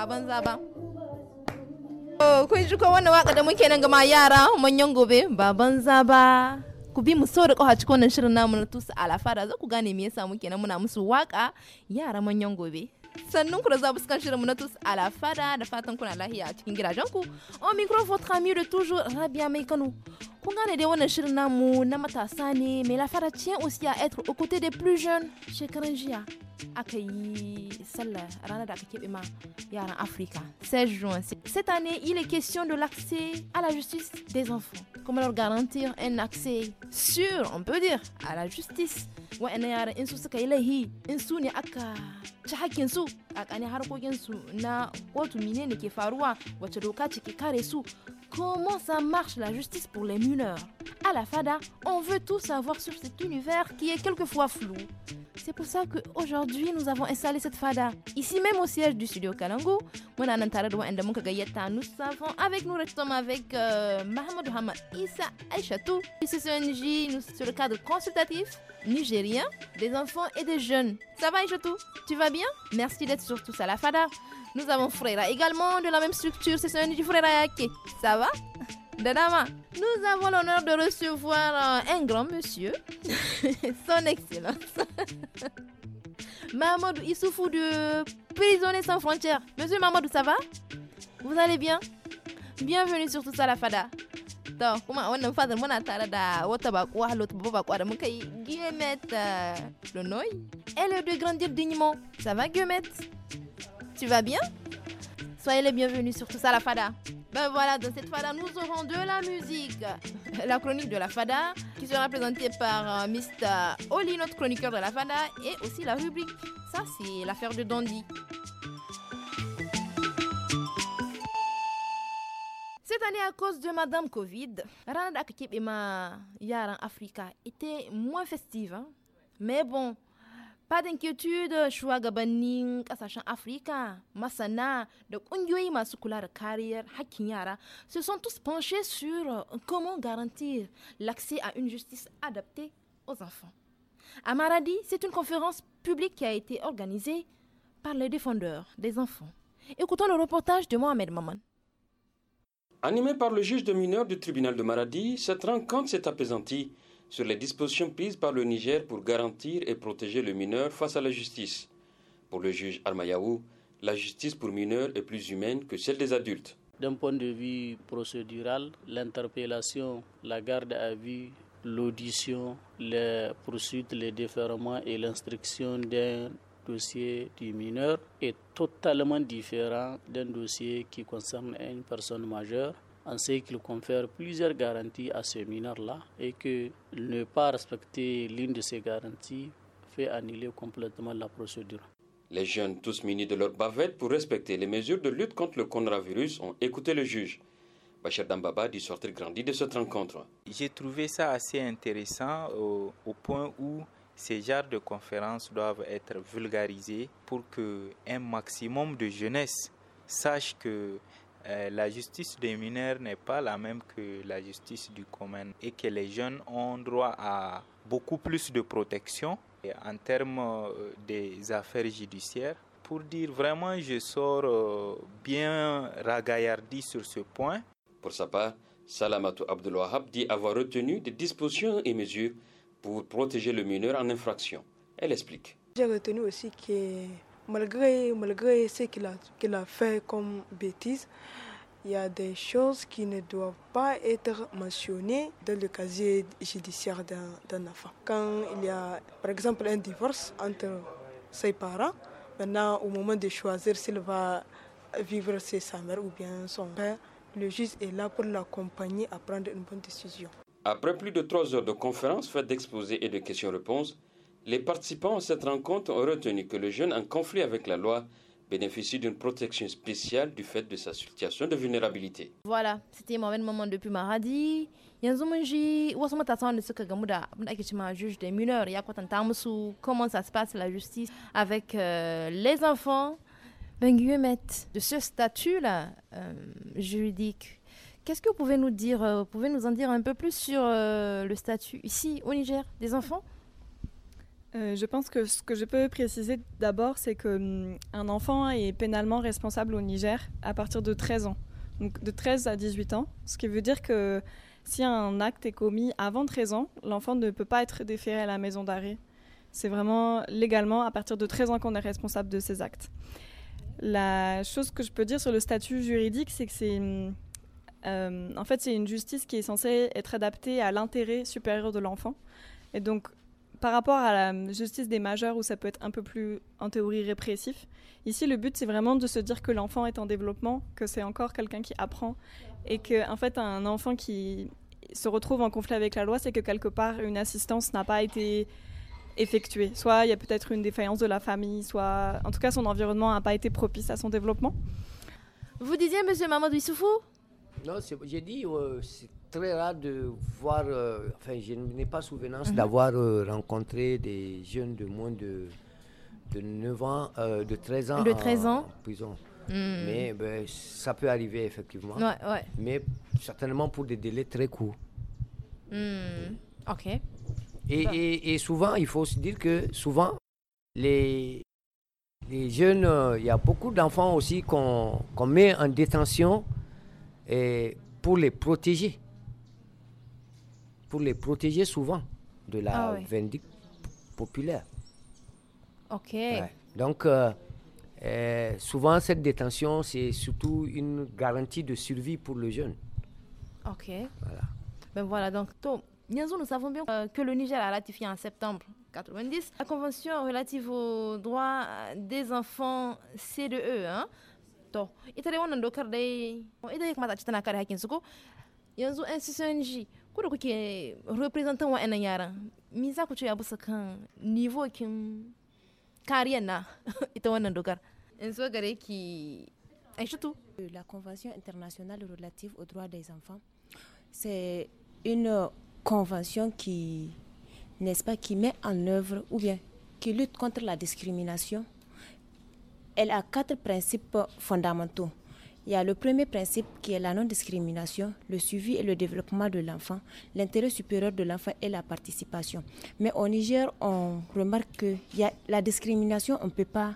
ba banza ba kun ji ko wannan waka da muke nan gama yara manyan gobe ba banza ku bi mu so da cikin wannan shirin namu na tusa alafara za ku gane me yasa muke nan muna musu waka yara manyan gobe sannun ku da zabu kan shirin na tus la fada da fatan kuna lahiya a cikin gidajen ku on micro votre ami de toujours Rabia Mai Kano kun gane dai wannan shirin namu na matasa ne mais la fada tient aussi à être aux côtés des plus jeunes Chez jiya aka yi sallah ranar da aka keɓe ma yaran Africa 16 juin cette année il est question de l'accès à la justice des enfants comment leur garantir un accès sûr on peut dire à la justice wa'annan yaran in su suka yi laihi in su ne aka ci hakkin su a kane harkokin su na kotu menene ke faruwa wace doka ce ke kare su comment ça marche la justice pour les mineurs à la fada on veut tout savoir sur cet univers qui est quelquefois flou c'est pour ça qu'aujourd'hui, nous avons installé cette fada. Ici même au siège du studio Kalango, nous savons avec nous, restons avec euh, Hamad Issa Aïchatou, CNJ, nous sur le cadre consultatif nigérien des enfants et des jeunes. Ça va Aishatou Tu vas bien Merci d'être sur tous à la fada. Nous avons Frera également de la même structure, c'est CNJ Frera Yake. Ça va Dadama, nous avons l'honneur de recevoir euh, un grand monsieur, son excellence, Mamadou Issoufou de Prisonniers sans frontières. Monsieur Mamadou, ça va Vous allez bien Bienvenue sur Tout ça la Fada. to kuma a wannan mon muna tare da Guillemette euh, Lonoy. Elle de grandir dignement. Ça va Guillemette Tu vas bien Soyez les bienvenus sur tout ça la fada. Ben voilà, dans cette fada, nous aurons de la musique. La chronique de la fada, qui sera présentée par euh, Mr. Oli, notre chroniqueur de la fada, et aussi la rubrique. Ça, c'est l'affaire de Dandy. Cette année, à cause de Madame Covid, Rana Akakib et ma Yara Africa étaient moins festives. Hein. Mais bon, pas d'inquiétude, shugabannin kasashen Afrika, masana da kungiyoyi masu kula se sont tous penchés sur euh, comment garantir l'accès à une justice adaptée aux enfants. À Maradi, c'est une conférence publique qui a été organisée par les défendeurs des enfants. Écoutons le reportage de Mohamed Maman. Animé par le juge de mineurs du tribunal de Maradi, cette rencontre s'est apaisantie sur les dispositions prises par le Niger pour garantir et protéger le mineur face à la justice. Pour le juge Armayaou, la justice pour mineurs est plus humaine que celle des adultes. D'un point de vue procédural, l'interpellation, la garde à vue, l'audition, les poursuites, les déferments et l'instruction d'un dossier du mineur est totalement différent d'un dossier qui concerne une personne majeure on sait qu'il confère plusieurs garanties à ce mineur-là et que ne pas respecter l'une de ces garanties fait annuler complètement la procédure. Les jeunes, tous munis de leur bavette pour respecter les mesures de lutte contre le coronavirus, ont écouté le juge. Bachar Dambaba dit sortir grandi de cette rencontre. J'ai trouvé ça assez intéressant euh, au, point où ces genres de conférences doivent être vulgarisées pour que un maximum de jeunesse sache que euh, la justice des mineurs n'est pas la même que la justice du commun et que les jeunes ont droit à beaucoup plus de protection euh, en termes euh, des affaires judiciaires. Pour dire vraiment, je sors bien ragaillardi sur ce point. Pour sa part, Salamatou Abdelwahab dit avoir retenu des dispositions et mesures pour protéger le mineur en infraction. Elle explique. J'ai retenu aussi que malgré, malgré ce qu'il a, qu'il a fait comme bêtise, il y a des choses qui ne doivent pas être mentionnées dans le casier judiciaire d'un enfant. Quand il y a, par exemple, un divorce entre ses parents, maintenant, au moment de choisir s'il va vivre chez sa mère ou bien son père, le juge est là pour l'accompagner à prendre une bonne décision. Après plus de trois heures de conférences faites d'exposés et de questions-réponses, les participants à cette rencontre ont retenu que le jeune en conflit avec la loi bénéficie d'une protection spéciale du fait de sa situation de vulnérabilité. Voilà, c'était mauvais moment depuis Maradi. yanzu mun ji wasu juge des mineurs comment ça se passe la justice avec euh, les enfants ben de ce statut là euh, juridique qu'est-ce que vous pouvez nous dire euh, vous pouvez nous en dire un peu plus sur le statut ici au Niger des enfants euh, je pense que ce que je peux préciser d'abord, c'est qu'un hum, enfant est pénalement responsable au Niger à partir de 13 ans, donc de 13 à 18 ans, ce qui veut dire que si un acte est commis avant 13 ans, l'enfant ne peut pas être déféré à la maison d'arrêt. C'est vraiment légalement à partir de 13 ans qu'on est responsable de ces actes. La chose que je peux dire sur le statut juridique, c'est que c'est hum, euh, en fait c'est une justice qui est censée être adaptée à l'intérêt supérieur de l'enfant. Et donc par rapport à la justice des majeurs où ça peut être un peu plus en théorie répressif, ici le but c'est vraiment de se dire que l'enfant est en développement, que c'est encore quelqu'un qui apprend et que en fait un enfant qui se retrouve en conflit avec la loi, c'est que quelque part une assistance n'a pas été effectuée. Soit il y a peut-être une défaillance de la famille, soit en tout cas son environnement n'a pas été propice à son développement. Vous disiez monsieur Mamadou Issoufou Non, j'ai dit très rare de voir, euh, enfin je n'ai pas souvenance mhm. d'avoir euh, rencontré des jeunes de moins de, de 9 euh, ans, de 13 ans, prison. Mhm. Mais ben, ça peut arriver effectivement. Mais certainement pour des délais très courts. Mhm. Ok. Bah. Et, souvent, il faut se dire que souvent, les, les jeunes, il y a beaucoup d'enfants aussi qu'on met en détention et pour les protéger pour les protéger souvent de la ah populaire. Ok. Donc, euh, euh, souvent, cette détention, c'est surtout une garantie de survie pour le jeune. Ok. Voilà. Ben voilà, donc, nous savons bien euh, que le Niger a ratifié en septembre 90 la Convention relative aux droits des enfants CDE. Hein? La Convention internationale relative aux droits des enfants, c'est une convention qui, n'est-ce pas, qui met en œuvre ou bien qui lutte contre la discrimination. Elle a quatre principes fondamentaux. Il y a le premier principe qui est la non-discrimination, le suivi et le développement de l'enfant, l'intérêt supérieur de l'enfant et la participation. Mais au Niger, on remarque que la discrimination, on ne peut pas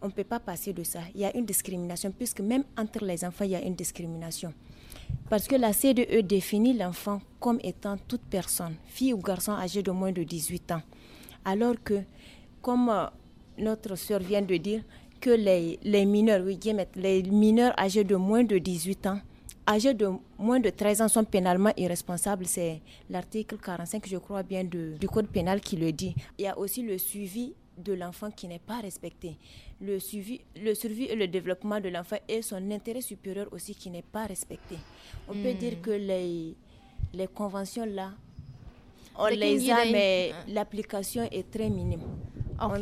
on peut pas passer de ça. Il y a une discrimination, puisque même entre les enfants, il y a une discrimination. Parce que la CDE définit l'enfant comme étant toute personne, fille ou garçon âgé de moins de 18 ans. Alors que, comme euh, notre sœur vient de dire, que les, les mineurs, oui, les mineurs âgés de moins de 18 ans, âgés de moins de 13 ans sont pénalement irresponsables. C'est l'article 45, je crois bien, du Code pénal qui le dit. Il y a aussi le suivi de l'enfant qui n'est pas respecté. Le suivi, le suivi et le développement de l'enfant et son intérêt supérieur aussi qui n'est pas respecté. On peut hmm. dire que les, les conventions-là, on les a, mais ah. l'application est très minime. OK.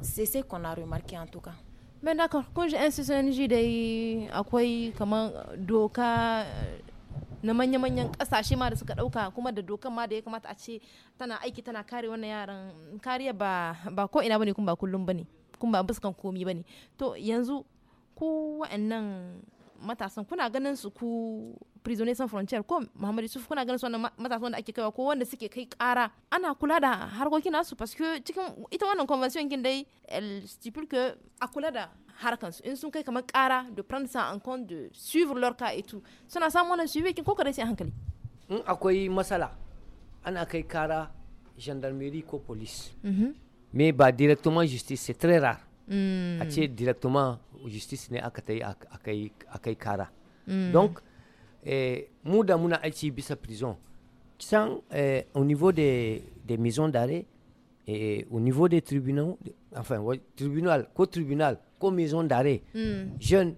C'est ce qu'on a remarqué en tout cas. Mais d'accord, quand j'ai un CNJ kaman doka na manya-manyan kasashe ma da suka dauka kuma da dokan ma da ya kamata a ce tana aiki tana kare wannan yaran kariya ba ba ko ina bane kuma ba kullum bane kuma ba to yanzu ku wa'annan matasan kuna ganin su ku prisonniers sans frontières, ko Muhammadu Yusuf kuna ganin su wannan matasan da ake kaiwa ko wanda suke kai kara ana kula da harkokin nasu que cikin ita wannan convention kin dai el stipule que a kula da harkan su in sun kai kamar kara de prendre ça en compte de suivre leur cas et tout suna samun wannan suivi kin ko kare sai hankali in akwai masala ana kai kara gendarmerie ko police mhm. mais ba directement justice c'est très rare Directement hmm. ce directement justice ne à ta a donc eh, mu a muna aiki bisa prison Sans eh, au niveau des, des maisons d'arrêt et eh, au niveau des tribunaux enfin tribunal co tribunal co maison d'arrêt hmm. jeune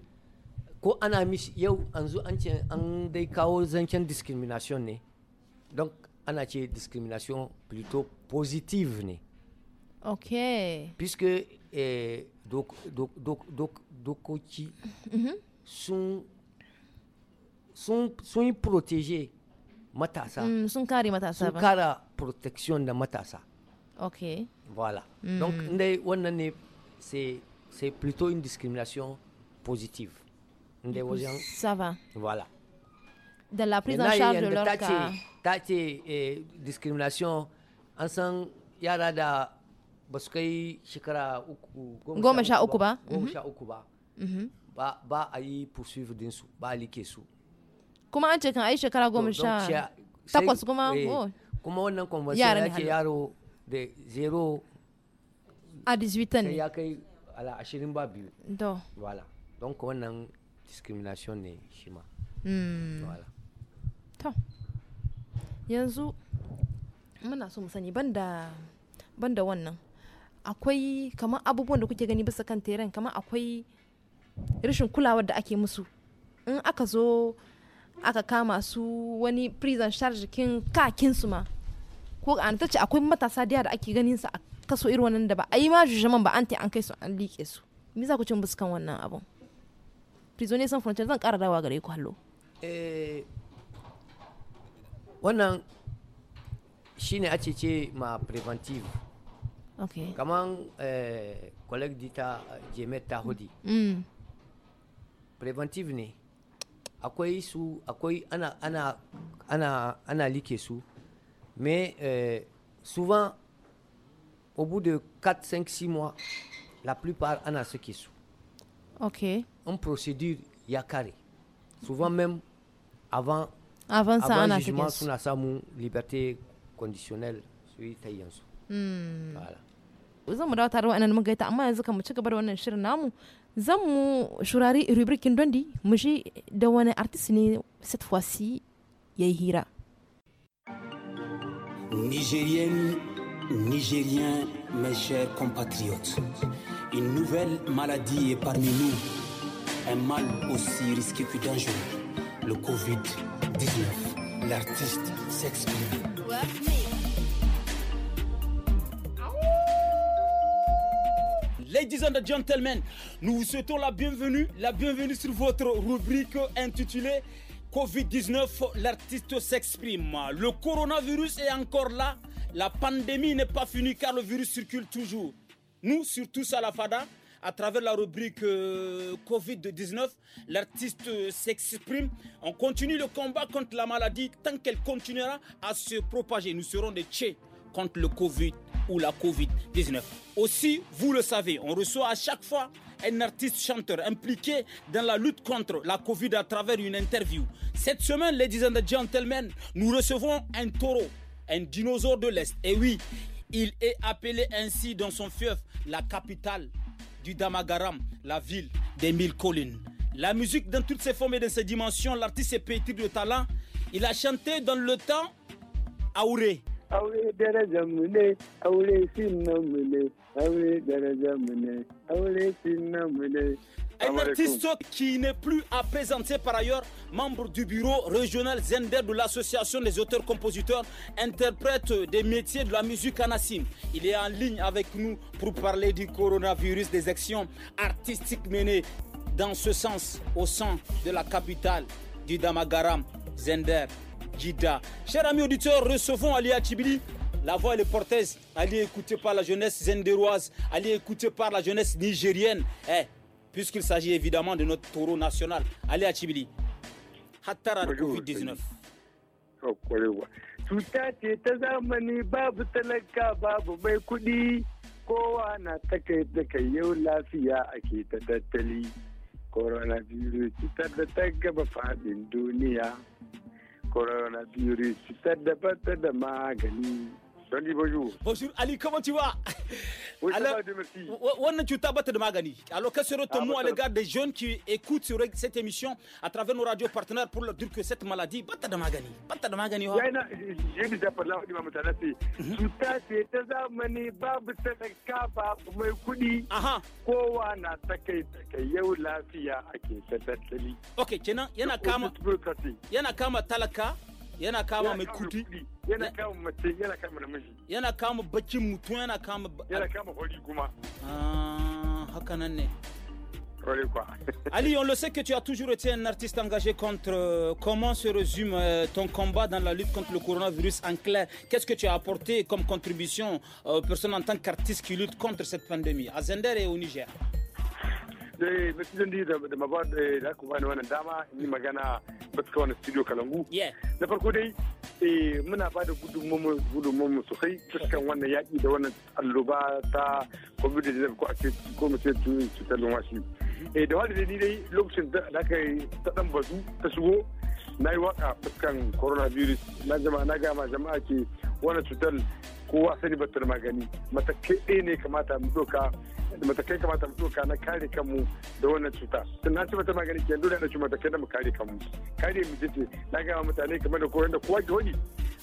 ko y yow yau cas an des cas dai kawo zancen discrimination ne donc ana ce discrimination plutôt positive ne ok puisque donc eh, donc donc mm-hmm. sont sont sont sont protégés matasa mm, sont carré matasa protection de matasa ok voilà mm. donc on c'est plutôt une discrimination positive ça va voilà de la prise en charge de leur cas eh, discrimination ensemble yara da ba su kai shekara uku goma mhm. sha uku ba goma sha uku ba ba a yi pursuit din su ba a like su kuma an ce kan a yi shekara goma sha takwas kuma eh, kuma wannan convention ya ce yaro da zero a 18 ne ya kai ala ashirin ba biyu do wala don ko wannan discrimination ne shi ma wala hmm. to yanzu muna so mu sani ban da wannan akwai kamar abubuwan da kuke gani bisa kan teren kamar akwai rashin kulawar da ake musu in aka zo aka kama su wani prison charge kin kakin su ma ko an ce akwai matasa da da ake ganin su a kaso irin wannan da ba a yi ma jujjaman ba an an kai su an liƙe su me za ku cin buskan wannan abun prisoners sans zan ƙara dawa gare ku hallo eh wannan shine a ce ma preventive Okay. Comment euh, collègue dita eh, jeme ta Tahodi Mm. Preventive ne. Akwai su akwai ana ana ana ana Mais euh, souvent au bout de 4 5 6 mois la plupart ana ce qui su. OK. En procédure yakare. Souvent même avant avant ça avant jugement suna samun liberté conditionnelle Mm. Voilà zan mu dawo tare wa'annan mun gaita amma yanzu kan mu ci gaba da wannan shirin namu zan mu shurari rubrikin dondi mu shi da wani artist ne cette fois-ci yayi hira Nigérienne, Nigérien, mes chers compatriotes, une nouvelle maladie est parmi nous, un mal aussi risqué que dangereux, le Covid-19. L'artiste s'exprime. Ladies and gentlemen, nous vous souhaitons la bienvenue, la bienvenue sur votre rubrique intitulée Covid-19, l'artiste s'exprime. Le coronavirus est encore là, la pandémie n'est pas finie car le virus circule toujours. Nous, surtout Salafada, à travers la rubrique euh, Covid-19, l'artiste s'exprime. On continue le combat contre la maladie tant qu'elle continuera à se propager. Nous serons des tchés contre le Covid ou la Covid-19. Aussi, vous le savez, on reçoit à chaque fois un artiste chanteur impliqué dans la lutte contre la Covid à travers une interview. Cette semaine, ladies and gentlemen, nous recevons un taureau, un dinosaure de l'Est. Et oui, il est appelé ainsi dans son fief, la capitale du Damagaram, la ville des mille collines. La musique dans toutes ses formes et dans ses dimensions, l'artiste est pétri de talent. Il a chanté dans le temps Aouré, un artiste qui n'est plus à présenter par ailleurs, membre du bureau régional Zender de l'association des auteurs-compositeurs, interprète des métiers de la musique à Il est en ligne avec nous pour parler du coronavirus, des actions artistiques menées dans ce sens au sein de la capitale du Damagaram, Zender. Chers amis auditeurs, recevons Alia Chibili. La voix le porteuse, portaise, elle est par la jeunesse zenderoise, allez écouter par la jeunesse nigérienne. Eh, puisqu'il s'agit évidemment de notre taureau national. Ali Chibili. Hattara Covid-19. coronavirus coronavirus ta daban ta da magani Sandi, bonjour. Bonjour Ali, comment tu vas Oui, ça Alors, va, merci. On est de Magani. Alors, quel serait ton ah, mot à l'égard des jeunes qui écoutent sur cette émission à travers nos radios partenaires pour leur dire que cette maladie, bata de Magani, bata de Magani. Oh. J'ai déjà parlé mhm. à Imam Tanassi. Tuta ce ta zamani babu sadaka ba mai kudi. Aha. Kowa na take, takai yau lafiya ake ta tattali. Okay, kenan yana kama yana kama talaka yana kama mai kudi yana kama mace yana kama namiji yana kama bakin mutum yana kama yana kama hori kuma ah haka nan ne Ali, on le sait que tu as toujours été un artiste engagé contre. Euh, comment se résume euh, ton combat dans la lutte contre le coronavirus en clair Qu'est-ce que tu as apporté comme contribution euh, aux personnes en tant qu'artiste qui lutte contre cette pandémie à Zender et au Niger dai mutum da ma ba da eh, ku bani wannan dama in yi magana ba su wani studio kalangu na farko dai eh, muna ba da gudunmu sosai fuskan wannan yaƙi da wannan alloba ta covid-19 ko a ce ko mu ce cutar lumwashi mm-hmm. eh, da wani dai ni dai lokacin da aka yi ta ɗan bazu ta shigo na yi waka fuskan coronavirus na jama'a na gama jama'a ke wannan cutar kowa sani batul magani matakai ɗaya ne kamata mu doka matakai kamata mu doka na kare kanmu da wannan cuta na ci batul magani ke dole na ci matakai da mu kare kanmu kare mu jiji na ga mutane kamar da koyar da kowa ke hodi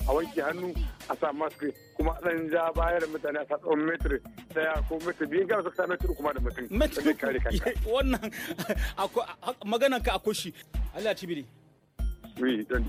a wanke hannu a sa mask kuma dan ja bayar mutane a tsawon metri ɗaya ko metri biyu ga sassa sa metri kuma da mutum metri kare kanka wannan maganan ka a kushi Allah tibiri Oui, donne.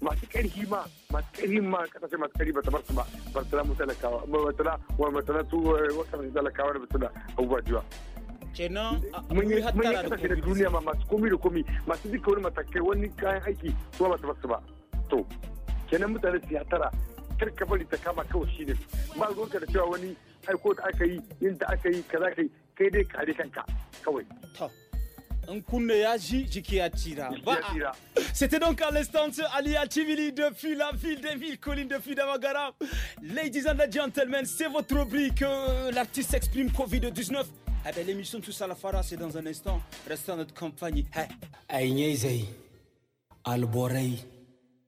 masu ƙarfi ma masu ƙarfi ma kasashe masu ƙarfi ba ta bar su ba ba ta mu talakawa ba ta wa ba ta su kasashe talakawa da ba ta abubuwa jiwa. kenan mun yi hattara da duniya ma masu komi da komi masu duka wani matakai wani kayan aiki su ba ta bar su ba to kenan mutane su hattara kar ka bari ta kama kawai shi ne ba ruwanka da cewa wani aiko da aka yi yin da aka yi kaza kai kai dai kare kanka kawai. C'était donc à l'instant Ali Chivili depuis la ville des villes, colline depuis Damagara. Ladies and gentlemen, c'est votre rubrique. que euh, L'artiste exprime Covid-19. Eh bien, l'émission tout à la Fara, c'est dans un instant. Restez en notre compagnie. Hey. Eh. Alborei,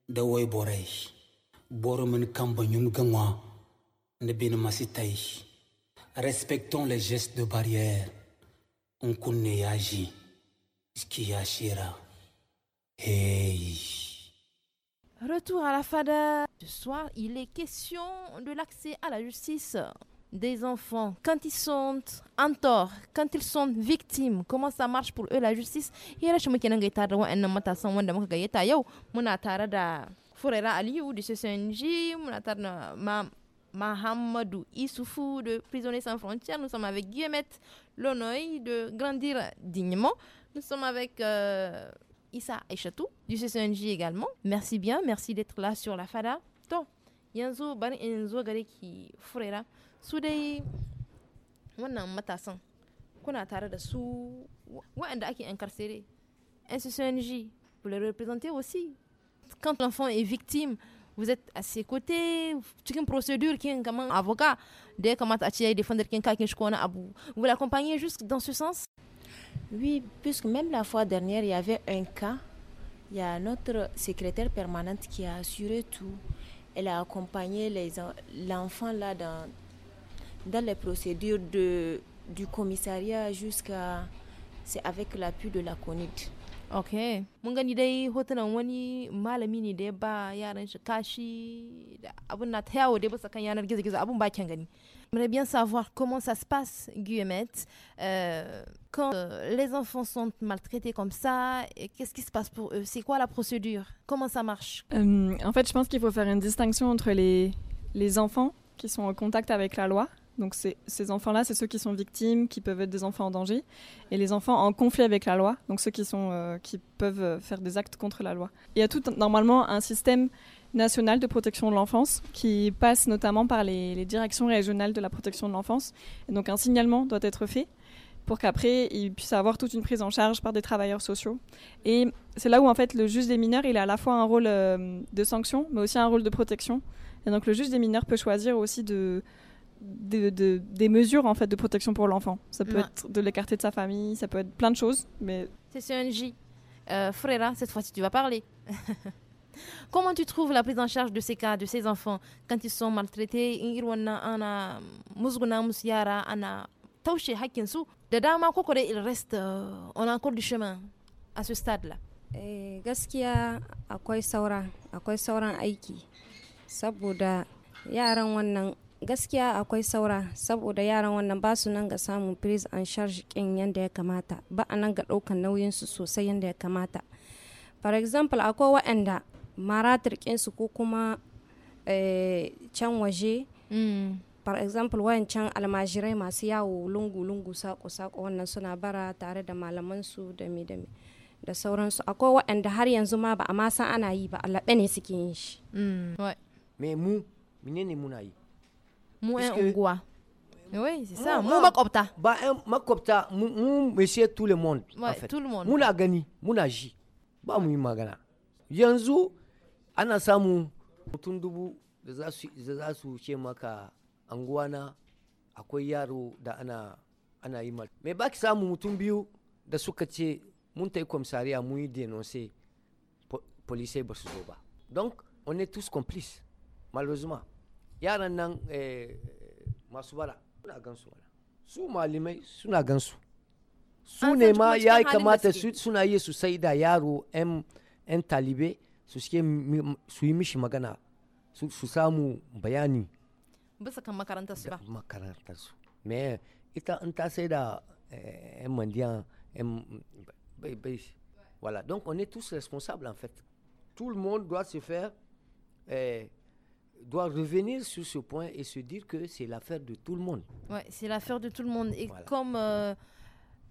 de Borei, Boromen Kambanyum Respectons les gestes de barrière. On connaît agit. Retour à la FADA. Ce soir, il est question de l'accès à la justice des enfants. Quand ils sont en tort, quand ils sont victimes, comment ça marche pour eux la justice Nous sommes avec de Grandir dignement. Nous sommes avec euh, Issa Aishatou du CCNJ également. Merci bien, merci d'être là sur la FADA. Donc, yanzu bari in zo gare ki furera su dai wannan matasan kuna tare da su waɗanda ake incarcéré CCNJ vous le représentez aussi quand l'enfant est victime vous êtes à ses côtés une procédure qui est avocat da ya kamata a ce défendre kin qui est ko wani abu vous l'accompagnez juste dans ce sens oui, puisque même la fois dernière, il y avait un cas. Il y a notre secrétaire permanente qui a assuré tout. Elle a accompagné l'enfant là dans, les procédures du commissariat jusqu'à... C'est avec l'appui de la CONID ok mun gani dai hotunan wani malami ne da ya ba yaran kashi da abun ta yawo dai kan yanar abun gani J'aimerais bien savoir comment ça se passe, Guillemette, euh, quand euh, les enfants sont maltraités comme ça, qu'est-ce qui se passe pour eux C'est quoi la procédure Comment ça marche euh, En fait, je pense qu'il faut faire une distinction entre les, les enfants qui sont en contact avec la loi donc ces enfants-là, c'est ceux qui sont victimes, qui peuvent être des enfants en danger, et les enfants en conflit avec la loi, donc ceux qui, sont, euh, qui peuvent euh, faire des actes contre la loi. Il y a tout normalement un système national de protection de l'enfance qui passe notamment par les, directions régionales de la protection de l'enfance. Donc un signalement doit être fait pour qu'après ils puissent avoir toute une prise en charge par des travailleurs sociaux. Et c'est là où en fait le juge des mineurs, il a à la fois un rôle euh, de sanction, mais aussi un rôle de protection. Et donc le juge des mineurs peut choisir aussi de de, des mesures en fait de protection pour l'enfant. Ça peut être de l'écarter de sa famille, ça peut être plein de choses, mais... C'est CNJ. Euh, cette fois-ci tu vas parler. Comment tu trouves la prise en charge de ces cas, de ces enfants, quand ils sont maltraités il reste, euh, on a encore du chemin à ce stade-là. Eh, gaskiya akwai saura akwai sauran aiki saboda yaran wannan gaskiya akwai saura saboda yaran wannan ba su nan ga samun prise and charge kin yadda ya kamata ba a nan ga ɗaukan nauyin su sosai yadda ya kamata for example akwai waɗanda maratar su ko kuma eh, can waje mm. for example can almajirai masu yawo lungu-lungu sako-sako wannan suna bara tare da malamansu da me da me da sauransu akwai waɗanda har yanzu ma ba a ma san ana yi ba a ne suke yin shi me mm. mu menene muna yi moins hongrois. Oui, c'est ça. Moi, ma copta. Bah, hein, ma copta, monsieur tout le monde. en fait. tout le monde. Mouna gani, mouna ji. Ba mu magana. Yanzu ana samu mutum dubu da za su da ce maka anguwana akwai yaro da ana ana yi Mais Me baki samu mutum biyu da suka ce mun tai komisariya mun yi denoncer po, police ba Donc on est tous complices malheureusement yaran nan eh, masu bara suna gansu wala su malimai suna gansu su ne ma ya kamata suna yi su sai da yaro 'yan talibe su yi mishi magana su samu bayani bisa kan makarantar su ba makarantar su me ita in ta sai da eh, 'yan mandiyan 'yan bai voilà donc on est tous responsables en fait tout le monde doit se faire eh, doit revenir sur ce point et se dire que c'est l'affaire de tout le monde. Oui, c'est l'affaire de tout le monde. Et comme euh,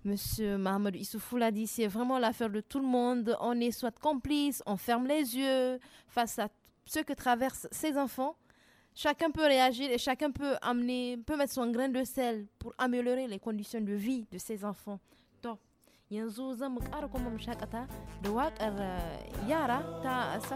Monsieur Mahmoud Issoufou l'a dit, c'est vraiment l'affaire de tout le monde. On est soit complice, on ferme les yeux face à ce que traversent ces enfants. Chacun peut réagir et chacun peut amener, peut mettre son grain de sel pour améliorer les conditions de vie de ses enfants. Donc, yanzu da euh, yara euh,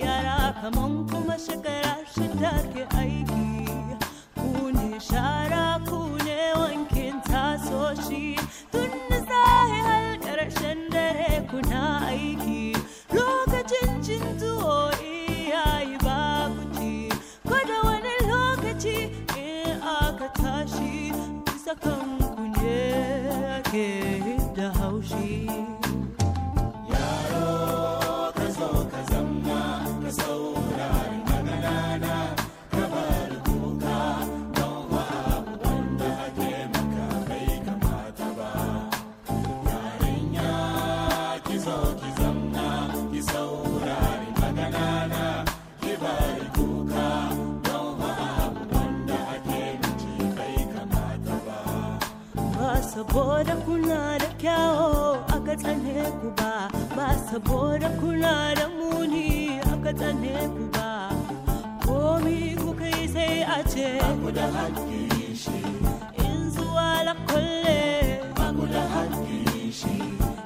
yara kaman kuma shekara shida ke aiki ku ne shara saboda kuna da kyawo aka tsane ku ba ba saboda kuna da muni aka tsane ku ba komi kuka yi sai a ce ku da shi in zuwa la kulle ku da shi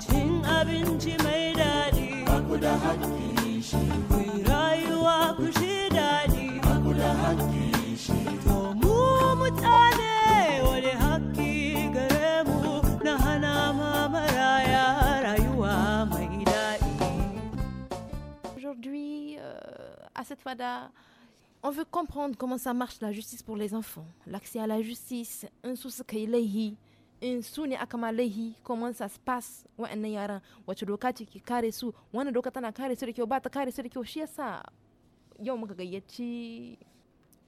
cin abinci mai daɗi ku da shi cette fada. On veut comprendre comment ça marche la justice pour les enfants, l'accès à la justice, un souci in su ne comment ça se passe? pass wa'annan yaran wace doka ce kare su wani doka na kare su da kyau ba ta kare su da kyau shi yasa yau muka gayyaci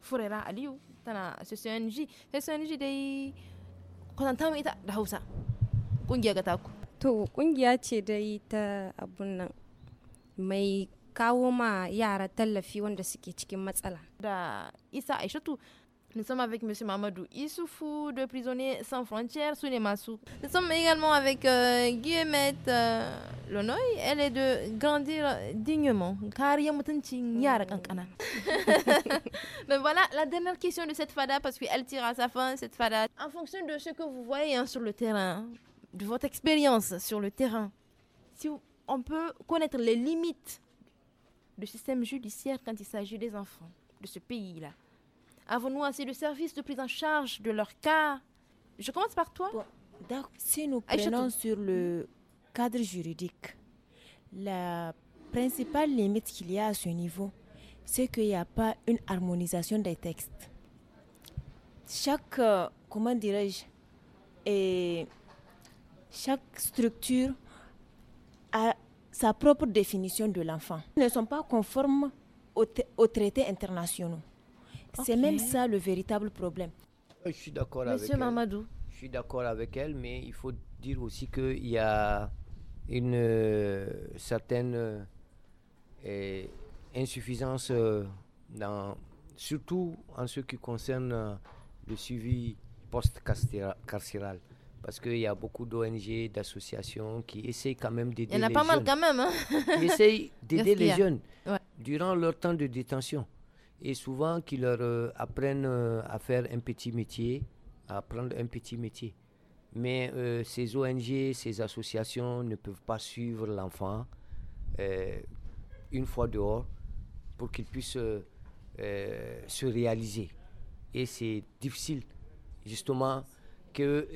furera aliu, tana ccng ccng dai kwatanta mu ita da kungiya ga to kungiya ce dai ta abun nan mai nous sommes avec M. Mamadou Issoufou de Prisonniers sans frontières sous les Massou. Nous sommes également avec euh, Guillemette euh, Lonoy. Elle est de grandir dignement. Mais voilà la dernière question de cette fada parce qu'elle tire à sa fin cette fada. En fonction de ce que vous voyez hein, sur le terrain, de votre expérience sur le terrain, si on peut connaître les limites le système judiciaire quand il s'agit des enfants de ce pays-là Avons-nous assez de services de prise en charge de leur cas Je commence par toi. donc, si nous prenons sur le cadre juridique, la principale limite qu'il y a à ce niveau, c'est qu'il n'y a pas une harmonisation des textes. Chaque, euh, comment dirais-je, et chaque structure a sa propre définition de l'enfant. ne sont pas conformes aux, traités internationaux. C'est même ça le véritable problème. Euh, je suis d'accord avec Monsieur Mamadou. Je suis d'accord avec elle, mais il faut dire aussi qu'il y a une euh, certaine euh, insuffisance dans, surtout en ce qui concerne le suivi post-carcéral parce qu'il y a beaucoup d'ONG, d'associations qui essayent quand même d'aider les jeunes. Il y en a pas mal quand même. Hein Ils essayent d'aider les jeunes durant leur temps de détention. Et souvent, qu'ils leur euh, apprennent euh, à faire un petit métier, à apprendre un petit métier. Mais euh, ces ONG, ces associations ne peuvent pas suivre l'enfant une fois dehors pour qu'il puisse se réaliser. Et c'est difficile, justement, que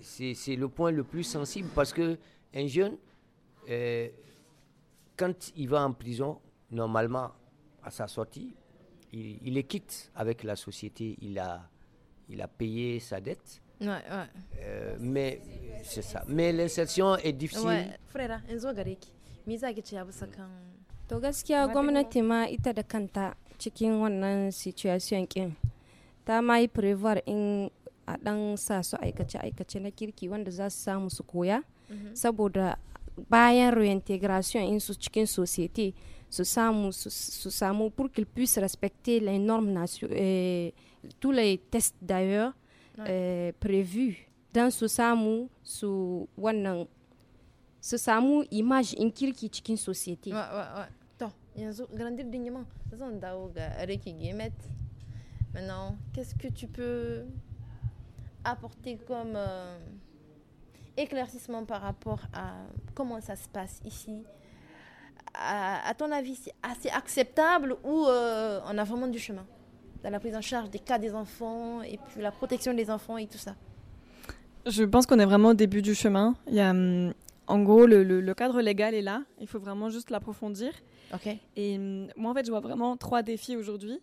c'est le point le plus sensible parce que un jeune, euh, quand il va en prison, normalement, à sa sortie, il, il est quitte avec la société. Il a, il a payé sa dette. Ouais, ouais. Euh, mais c'est ça. Mais l'insertion est difficile. Ouais. Frère, To gaskiya gwamnati ma ita da kanta cikin wannan situation kin ta mai prévoir prevoir a ɗan sa su aikace-aikace na kirki wanda za su samu su koya mhm. saboda bayan réintégration in su cikin society su samu su samu pour qu'ils puissent respecter les normes nationales eh, tous les tests d'ailleurs euh, prévus don su samu su wannan su samu image in kirki cikin society to yanzu grandir din yaman zan dawo ga riki gemet maintenant qu'est-ce que tu peux apporter comme euh, éclaircissement par rapport à comment ça se passe ici à, ton avis, c'est assez acceptable ou euh, on a vraiment du chemin dans la prise en charge des cas des enfants et puis la protection des enfants et tout ça Je pense qu'on est vraiment au début du chemin. Il y a, hum, en gros, le, cadre légal est là. Il faut vraiment juste l'approfondir. Ok. Et hum, moi, en fait, je vois vraiment trois défis aujourd'hui.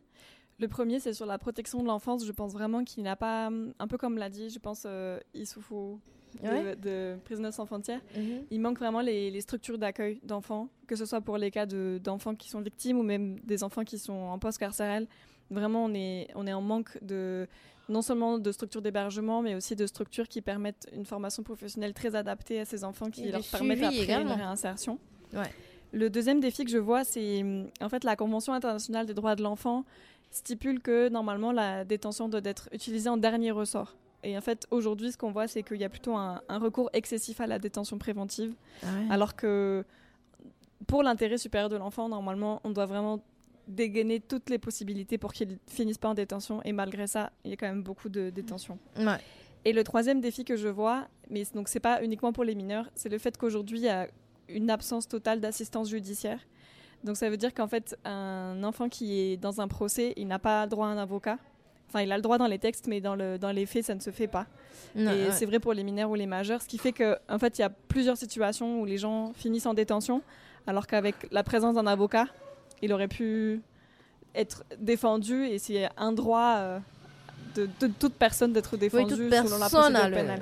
Le premier, c'est sur la protection de l'enfance. Je pense vraiment qu'il n'a pas, hum, un peu comme l'a dit, je pense, euh, Issoufou de, Prisonniers sans frontières, mhm. il manque vraiment les, structures d'accueil d'enfants, que ce soit pour les cas d'enfants qui sont victimes ou même des enfants qui sont en poste carcéral. Vraiment, on est, on est en manque de, non seulement de structures d'hébergement, mais aussi de structures qui permettent une formation professionnelle très adaptée à ces enfants qui leur permettent après une réinsertion. Le deuxième défi que je vois, c'est hum, en fait la Convention internationale des droits de l'enfant stipule que normalement la détention doit être utilisée en dernier ressort. Et en fait, aujourd'hui, ce qu'on voit, c'est qu'il y a plutôt un, recours excessif à la détention préventive, ah alors que pour l'intérêt supérieur de l'enfant, normalement, on doit vraiment dégainer toutes les possibilités pour qu'il finisse pas en détention. Et malgré ça, il y a quand même beaucoup de détention. Et le troisième défi que je vois, mais ce n'est pas uniquement pour les mineurs, c'est le fait qu'aujourd'hui, il y a une absence totale d'assistance judiciaire. Donc ça veut dire qu'en fait, un enfant qui est dans un procès, il n'a pas droit à un avocat. Enfin, il a le droit dans les textes, mais dans, le, dans les faits, ça ne se fait pas. et c'est vrai pour les mineurs ou les majeurs, ce qui fait qu'en fait, il y a plusieurs situations où les gens finissent en détention, alors qu'avec la présence d'un avocat, il aurait pu être défendu et c'est un droit euh, de, toute personne d'être défendu. oui, toute selon la procédure pénale.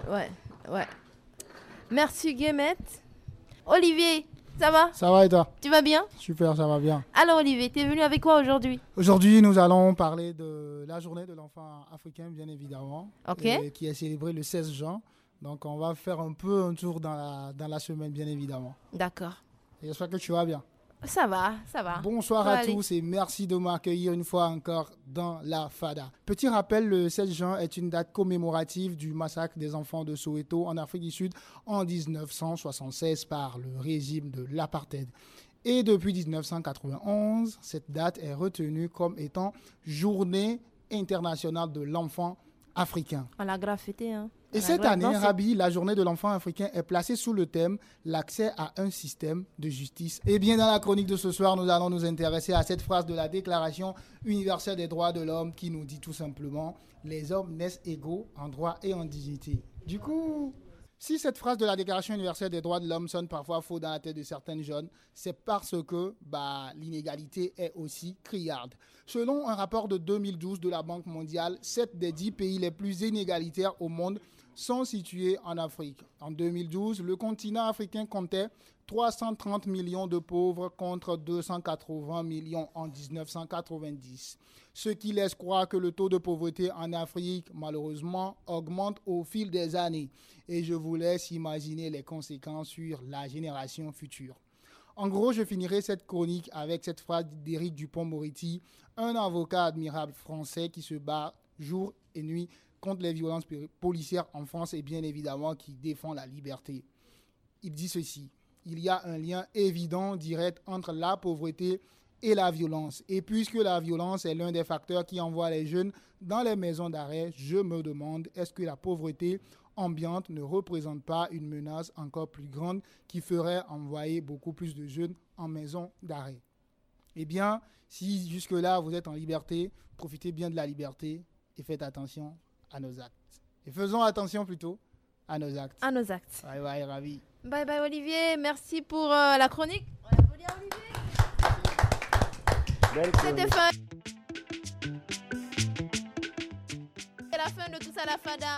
Merci Guémette. Olivier, ça va Ça va et toi Tu vas bien Super, ça va bien. Alors Olivier, tu es venu avec quoi aujourd'hui Aujourd'hui, nous allons parler de la journée de l'enfant africain, bien évidemment, Ok. qui est célébrée le 16 juin. Donc on va faire un peu un tour dans la, dans la semaine, bien évidemment. D'accord. J'espère que tu vas bien. Ça va, ça va. Bonsoir à tous et merci de m'accueillir une fois encore dans la FADA. Petit rappel, le 16 juin est une date commémorative du massacre des enfants de Soweto en Afrique du Sud en 1976 par le régime de l'apartheid. Et depuis 1991, cette date est retenue comme étant journée internationale de l'enfant africain. À la graffité, hein. Et cette année, non, Rabi, la journée de l'enfant africain est placée sous le thème l'accès à un système de justice. Et eh bien, dans la chronique de ce soir, nous allons nous intéresser à cette phrase de la Déclaration universelle des droits de l'homme qui nous dit tout simplement les hommes naissent égaux en droit et en dignité. Du coup, si cette phrase de la Déclaration universelle des droits de l'homme sonne parfois faux dans la tête de certaines jeunes, c'est parce que bah, l'inégalité est aussi criarde. Selon un rapport de 2012 de la Banque mondiale, 7 des 10 pays les plus inégalitaires au monde sont situés en Afrique. En 2012, le continent africain comptait 330 millions de pauvres contre 280 millions en 1990, ce qui laisse croire que le taux de pauvreté en Afrique, malheureusement, augmente au fil des années. Et je vous laisse imaginer les conséquences sur la génération future. En gros, je finirai cette chronique avec cette phrase d'Éric Dupont-Moretti, un avocat admirable français qui se bat jour et nuit contre les violences policières en France et bien évidemment qui défend la liberté. Il dit ceci, il y a un lien évident, direct, entre la pauvreté et la violence. Et puisque la violence est l'un des facteurs qui envoie les jeunes dans les maisons d'arrêt, je me demande, est-ce que la pauvreté ambiante ne représente pas une menace encore plus grande qui ferait envoyer beaucoup plus de jeunes en maison d'arrêt Eh bien, si jusque-là vous êtes en liberté, profitez bien de la liberté et faites attention à nos actes. Et faisons attention plutôt à nos actes. À nos actes. Bye bye, ravi. Bye bye, Olivier. Merci pour euh, la chronique. C'était fun. C'est la fin de tout ça, la fada.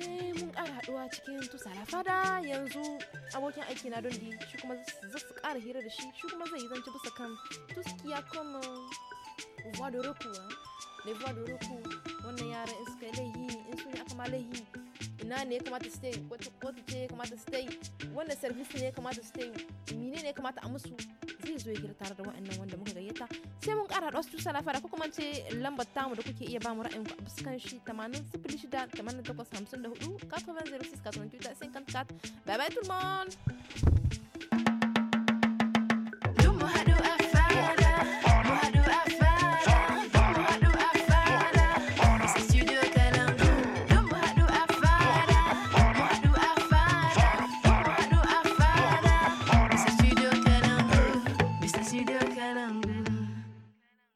sai mun ƙara haɗuwa cikin tusala fada yanzu abokin aiki na dundi shi kuma za su kara hira da shi shi kuma zai yi zance bisa kan tuskiya kuma voix de recours les de recours wannan yaran iska laihi in sun yi aka malahi ina ne ya kamata su tai wata kotu ce ya kamata su yi wanda service ne ya kamata su tai mine ne ya kamata a musu zai zo ya tare da wa'annan wanda muka gayyata sai mun kara wasu tusa lafara ko kuma ce lambar tamu da kuke iya ba mu ra'ayin ku a fuskan shi 80 shida 88 54 80 06 88 54 bye bye tout le monde